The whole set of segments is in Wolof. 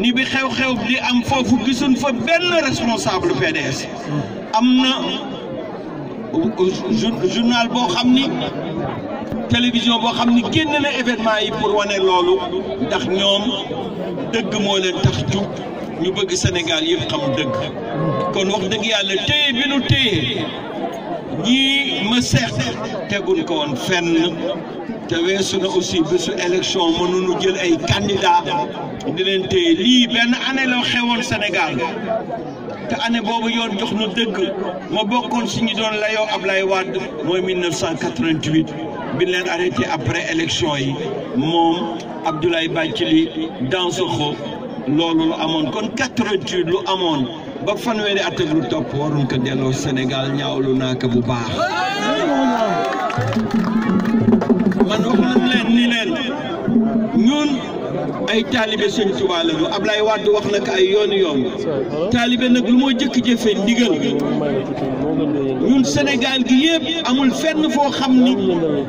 ni bi xew-xew di am foofu gisuñ fa benn responsable PDS am na journal boo xam ni télévision boo xam ni génn na événement yi pour wane loolu ndax ñoom dëgg moo leen tax jub ñu bëgg Sénégal yëpp xam dëgg kon wax dëgg yàlla téye bi nu téye ñii ma seet teguñ ko woon fenn te weesu na aussi bésu élection mënuñu jël ay candidat di leen téye lii benn année la xewoon Sénégal te année boobu yoon jox nu dëgg ma bokkoon si ñu doon layoo Ablaye Wade mooy 1988 bi leen arrêté après élection yi moom Abdoulaye Bathily Dansokho loolu lu amoon kon lu amoon. ba fanweeri at ak lu topp waruñ ko delloo Sénégal ñaawlu naa ko bu baax man wax leen ni leen ñun ay taalibe sëñ Tuubaa lañu Ablaye Wade wax na ko ay yoon yoon taalibe nag lu moo jëkk jëfe ndigal ñun Sénégal gi yëpp amul fenn foo xam ni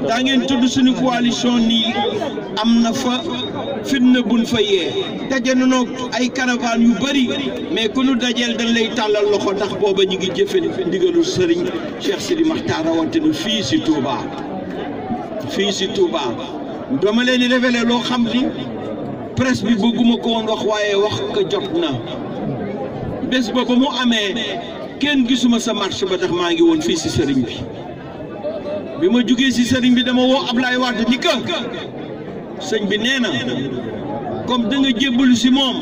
daa ngeen tudd suñu coalition nii am na fa fitna buñ fa yee daje nañoo ay caravane yu bari mais ku nu dajeel dañ tàllal loxo ndax booba ñu ngi jëfe ndigalul sëriñ Cheikh Sidi Makhtar fii si Touba fii si Touba dama leen révélé xam ni presse bi bëgguma ko woon wax waaye wax ko jot na bés ba ba mu amee kenn gisuma sa marche ba tax maa ngi woon fii si sëriñ bi bi ma jugee ci sëriñ bi dama woo Ablaye Wade ni ka sëñ bi nee na comme danga nga jébbalu si moom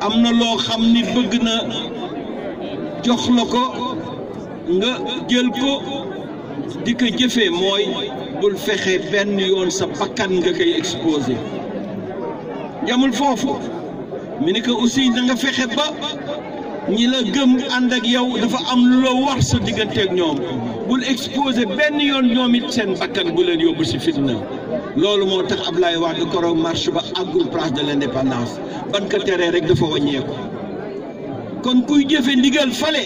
am na loo xam ne bëgg na jox la ko nga jël ko di ko jëfe mooy bul fexe benn yoon sa bakkan nga koy exposé jamul foofu mu ni que aussi na nga fexe ba ñi la gëm ànd ak yow dafa am lu la war sa digganteeg ñoom bul exposé benn yoon ñoom it seen bakkan bu leen yóbbu ci fitna loolu moo tax Ablaye Wade koro marche ba àggul place de l'indépendance ban ko teree rek dafa wàññeeku kon kuy jëfe ndigal fale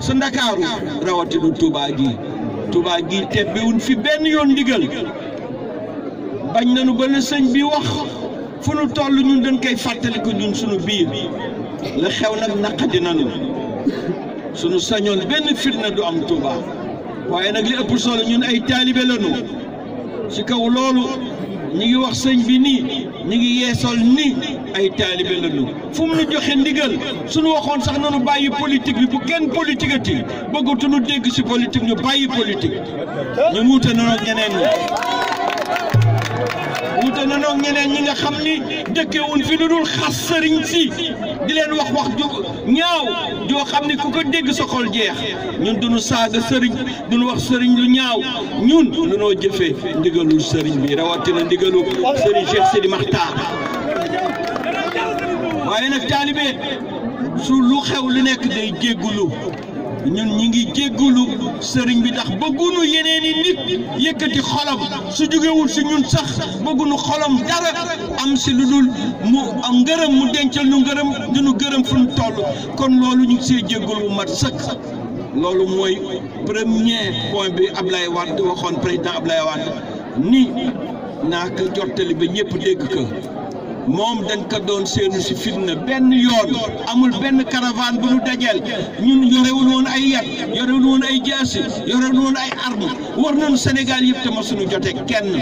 sa ndakaaru rawatinu Touba gi Touba gi tebbiwun fi benn yoon ndigal bañ nu ba la sëñ bi wax fu nu toll ñun dañ koy fàttaliku ñun suñu biir la xew nag naqadi nanu suñu sañoon benn fitna du am Touba waaye nag li ëpp solo ñun ay taalibe lañu ci kaw loolu ñu ngi wax sëñ bi nii ñu ngi yeesol ni ay taalibe lañu fu mu nu joxe ndigal suñu waxoon sax nanu bàyyi politique bi bu kenn politique ati bëggatuñu dégg ci politique ñu bàyyi politique ñu wuute noonu ñeneen ñi wutante nanoo ñeneen ñi nga xam ni dëkkewuñ fi lu dul xas sëriñ si di leen wax wax ju ñaaw joo xam ni ku ko dégg sa xol jeex ñun duñu saaga sëriñ duñu wax sëriñ lu ñaaw ñun dunoo jëfee ndigalul sëriñ bi rawatina ndigalu sëriñ Cheikh Sidi Maxtaar waaye nag taalibe su lu xew li nekk day jéggulu ñun ñi ngi jéggulu sëriñ bi ndax bëggunu yeneen i nit yëkkati xolam su jógewul si ñun sax bëggunu xolam dara am si lu dul mu am ngërëm mu dencal nu ngërëm nu gërëm fu nu toll kon loolu ñu ngi see jéggul bu mat sëkk loolu mooy premier point bi lay Ablaye Wade waxoon président Ablaye Wade ni naa ko jottali ba ñëpp dégg ko moom dañ ko doon seenu si fitna benn yoon amul benn caravane bu ñu dajeel ñun yorewul woon ay yat yorewul woon ay jaasi yorewul woon ay arme war nañu Sénégal yëpp te ma suñu jote kenn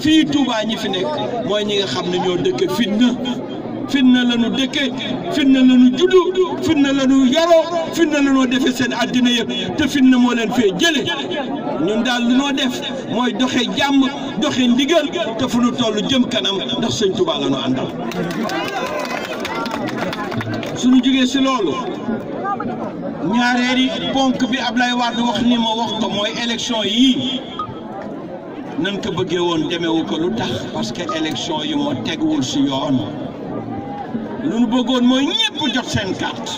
fii Touba ñi fi nekk mooy ñi nga xam ne ñoo dëkk fitna fitna la ñu dëkke fitna la ñu juddu fitna la ñu yaroo fitna na ñoo defee seen àddina yëpp te fitna moo leen fee jële ñun daal lu noo def mooy doxe jàmm doxe ndigal te fu nu toll jëm kanam ndax sëñ Tuubaa la ñu àndal suñu jógee si loolu ñaareeri ponk bi Ablaye Wade wax ni ma wax ko mooy élection yii nan ko bëggee woon demewu ko lu tax parce que yi moo teguwul si yoon lu nu bëggoon mooy ñëpp jot seen carte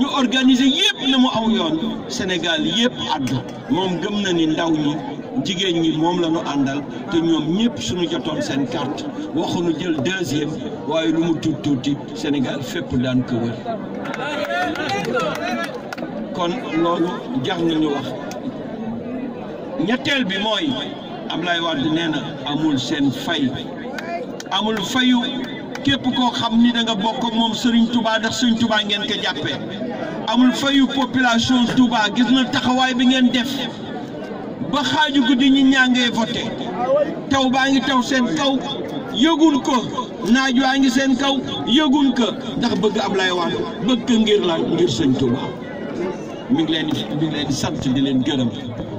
ñu organiser yëpp na mu aw yoon Sénégal yëpp àddu moom gëm na ni ndaw ñi jigéen ñi moom la ñu àndal te ñoom ñëpp suñu jotoon seen carte waxuñu jël deuxième waaye lu mu tuuti tuuti senegal fépp daan ko wër kon loolu jax nañu wax ñetteel bi mooy am Ablaye Wade nee na amul seen fay amul fayu képp ko xam ni danga nga bokk moom sëriñ tubaa ndax Serigne tubaa ngeen ko jàppee amul fayu population Touba gis na taxawaay bi ngeen def ba xaaju guddi ñi ñaa vote taw baa ngi taw seen kaw yëgun ko naaj waa ngi seen kaw yëgun ko ndax bëgg lay Wade bëgg ko ngir la ngir Serigne Touba mi ngi leen sant di leen gërëm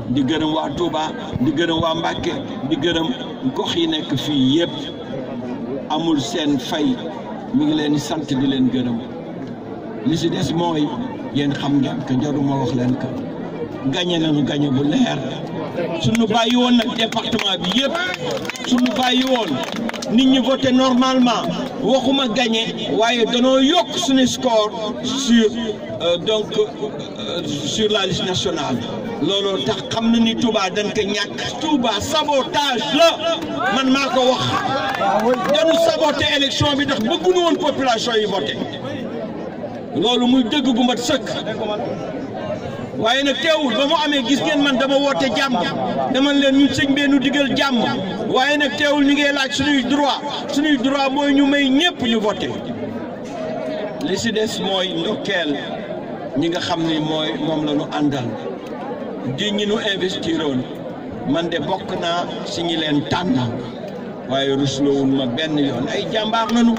di gërëm waa Touba di gërëm waa Mbacke di gërëm gox yi nekk fii yëpp. amul seen fay mi ngi leen sant bi leen gërëm li si des mooy yéen xam ngeen que jaruma wax leen que gañe nañu gañe bu leer suñu bàyyi woon nag département bi yëpp suñu bàyyi woon nit ñi voté normalement waxuma gañe waaye danoo yokk suñu score sur euh, donc euh, sur la liste national looloo tax xam na ni Touba dañ ko ñàkk Touba sabotage la man maa ko wax dañu saboté élection bi ndax bëgguñu woon population yi voté loolu muy dëgg gu mat sëkk waaye nag teewul ba mu amee gis ngeen man dama woote jàmm demal leen ñu sëñ bee nu digal jàmm waaye nag teewul ñu ngi laaj suñuy droit suñuy droit mooy ñu may ñépp ñu voté li si des mooy ndokkeel ñi nga xam ni mooy moom la ñu àndal di ñi nu investiroon man de bokk naa si ñi leen tànn. waaye ruslowun ma benn yoon ay jàmbaar lañu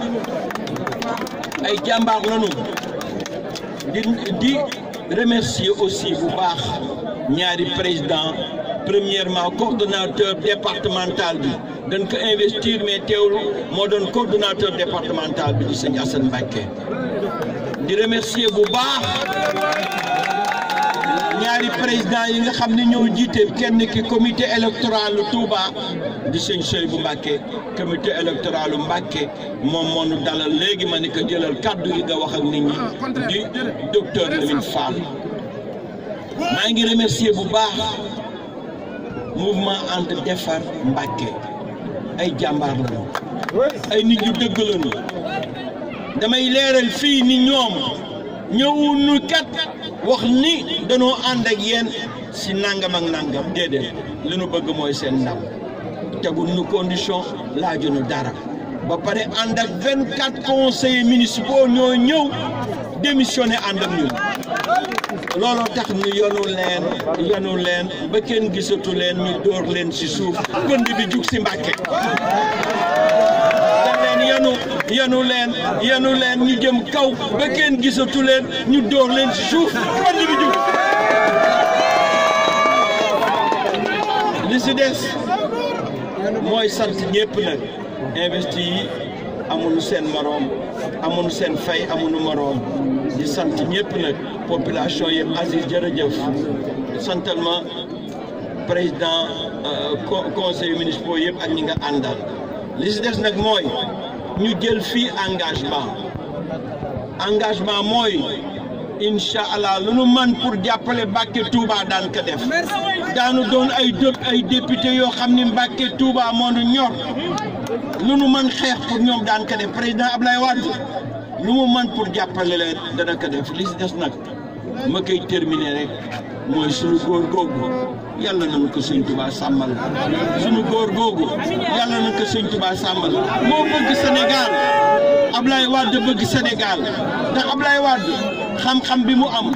ay jàmbaar lañu di di remercier aussi bu baax ñaari président premièrement coordonnateur départemental bi dañ ko investir mais teewul moo doon coordonnateur départemental bi di sëñ Assane Mbacké di remercier bu baax ñaari yi nga xam ne ñoo jiite kenn ki comité électoral Touba di sëñ Seydou Mbacke comité électoral Mbacke moom moo nu léegi ma ne ko jëlal kàddu yi nga wax ak nit ñi ah, di docteur maa ngi remercier bu baax mouvement Ande Defar Mbacke ay jàmbaar dëgg lañu damay leeral fii ni ñoom. ñëwu nu kat wax ni danoo ànd ak yéen ci nangam ak nangam déedéet li nu bëgg mooy seen ndam tegul nu condition laaju nu dara ba pare ànd ak vingt quatre conseillers municipaux ñoo ñëw démissionné ànd ak ñun looloo tax ñu yonu leen yonu leen ba kenn gisatu leen ñu dóor leen si suuf pënd bi jug si Mbàkke yanu leen yanu leen ñu jëm kaw ba kenn gisatu ñu dóor suuf band bi mooy sant ñëpp nag investi yi amuñu seen moroom amuñu seen fay amuñu moroom di sant ñëpp nag population yëpp Aziz jërëjëf santal ma président euh, conseil municipal yëpp ak ñi nga àndal li des nag mooy ñu jël fii engagement engagement mooy incha allah lu nu man pour jàppale Mbàkke Touba daan ko def daanu doon ay dëp ay député yoo xam ni Mbàkke Touba moo nu ñor lu nu man xeex pour ñoom daan ko def président Ablaye Wade lu mu man pour jàppale leen dana def li des nag ma koy terminer rek mooy suñu góor googu yàlla na ko sëñ Tuba sàmmal suñu góor googu yàlla na ko sëñ Tuba sàmmal moo bëgg Sénégal Ablaye Wade bëgg Sénégal te Ablaye Wade xam-xam bi mu am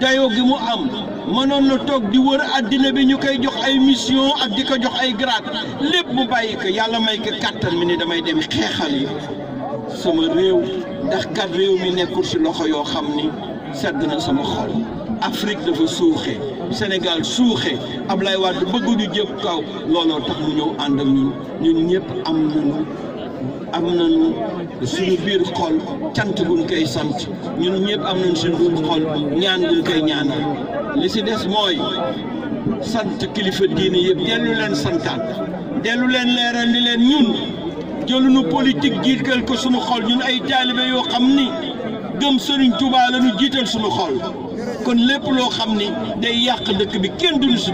dayoo gi mu am mënoon na toog di wër àddina bi ñu koy jox ay mission ak di ko jox ay grade lépp mu bàyyi ko yàlla may ko kàttan mi ni damay dem xeexal yi sama réew ndax kat réew mi nekkul ci loxo yoo xam ni sedd na sama xol Afrique dafa suuxee Sénégal suuxee Ablaye Wade bëgguñu jëm kaw looloo tax mu ñëw ànd ak ñun ñun ñëpp am nañu am nañu suñu biir xol cant guñ koy sant ñun ñëpp am nañu suñu biir xol ñaan guñ koy ñaanal li si des mooy sant kilifa diine yëpp dellu leen santaan dellu leen leeral ni leen ñun jëluñu politique jiital ko suñu xol ñun ay taalibe yoo xam ni gëm Sëriñ Tuubaa la jiital suñu xol kon lépp loo xam ni day yàq dëkk bi kenn du lu si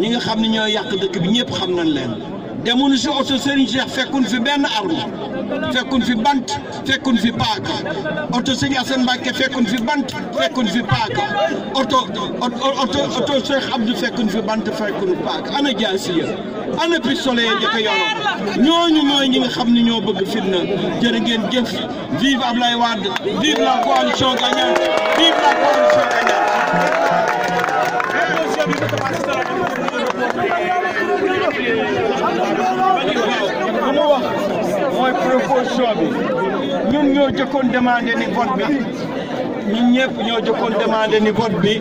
ñi nga xam ne ñoo yàq dëkk bi ñëpp xam nañ leen demuñu si oto Serigne Cheikh fekkuñ fi benn arme fekkuñ fi bant fekkuñ fi paaka oto Serigne Assane Mbacké fekkuñ fi bant fekkuñ fi paaka oto oto oto Cheikh Abdou fekkuñ fi bant fekkuñ paaka ana jaasi ya ana pistolet ya jëkk yoroon ñooñu mooy ñi nga xam ne ñoo bëgg fitna jërë ngeen jëf vive Ablaye Wade vive la coalition gagnante vive la coalition gagnante lu mu wax mooy proposition bi ñun ñoo jëkkoon demandé ni vote bi ñun ñëpp ñoo jëkkoon demandé ni vote bi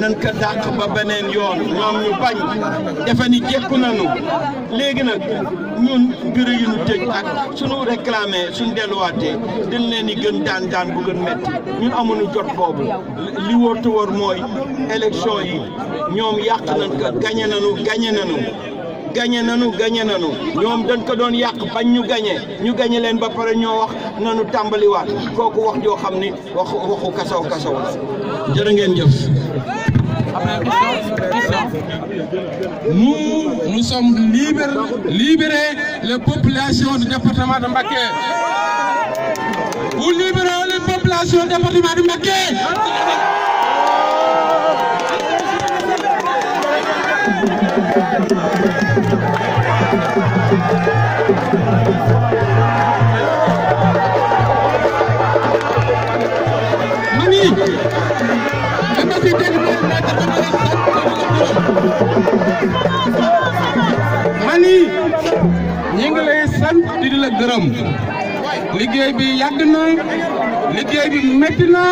nañ ko dàq ba beneen yoon ñoom ñu bañ defe ni jekku léegi nag ñun bureau yu ñu tëj ak suñu réclamé suñu delluwaatee dañ leen di gën daan daan bu gën metti ñun amuñu jot boobu li wóor te wóor mooy élection yi ñoom yàq nañ ko gañe nañu gañe nañu gañe nanu gañe nanu ñoom dañ ko doon yàq bañ ñu gañe ñu gañe leen ba pare ñoo wax nanu tàmbaliwaat kooku wax joo xam ni waxu kasaw kasaw la ngeen jëf Nous, nous sommes libérés, libérer les populations de Mbaké. Vous libérez mani ñi ngi lay sant di la gërëm liggéey bi yàgg na liggéey bi métti na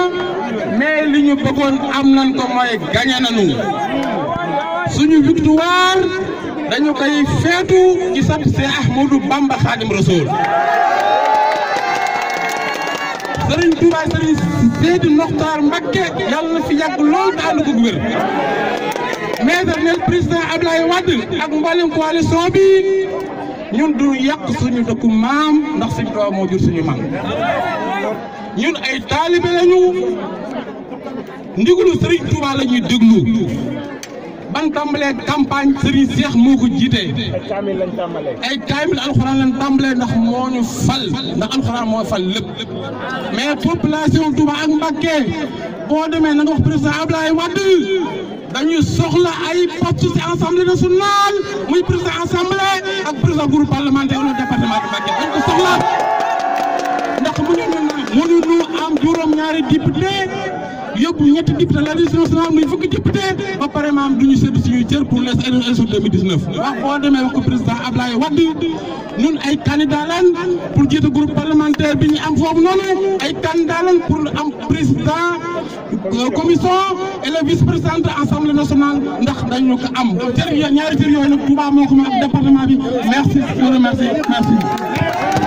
mais li ñu bëggoon am nañ ko mooy gañe nañu suñu victoire dañu koy feetu ci sab Seex Ahmadu Bamba Xaadim Rasuul sëriñ Touba sëriñ Seydi Mokhtar Mbacké yàlla fi yàgg lool te ànd ko wér maisar neen président Abdoulaye Wade ak mboolem coalition bi ñun du yàq suñu dëkku maam ndax suñu Touba moo jur suñu maam ñun ay taalibe lañu ndigalu sëriñ Touba la ñuy ban tàmbalee campagne Serigne Cheikh moo ko jiitee ay kaamil lañ tàmbalee ay kaamil alxuraan lañ tàmbalee ndax moo ñu fal ndax alxuraan moo fal lépp mais population Touba ak Mbacké boo demee na nga wax président Abdoulaye Wade dañu soxla ay poste ci assemblée nationale muy président assemblée ak président groupe parlementaire au département de Mbacké dañ ko soxla ndax mënuñu am juróom-ñaari député yóbbu ñetti député l'Assemblée nationale muy fukki député vraiment du ñu sédd suñuy cër pour les élections 2019 wax boo demee wax ko président Ablaye Wade ñun ay candidat pour jiite groupe parlementaire bi ñu am foofu noonu ay candidat lañ pour am président euh, commission et le vice nationale ndax dañu ko am cër ñaari cër yooyu nag Touba moo ko ma ak département bi merci merci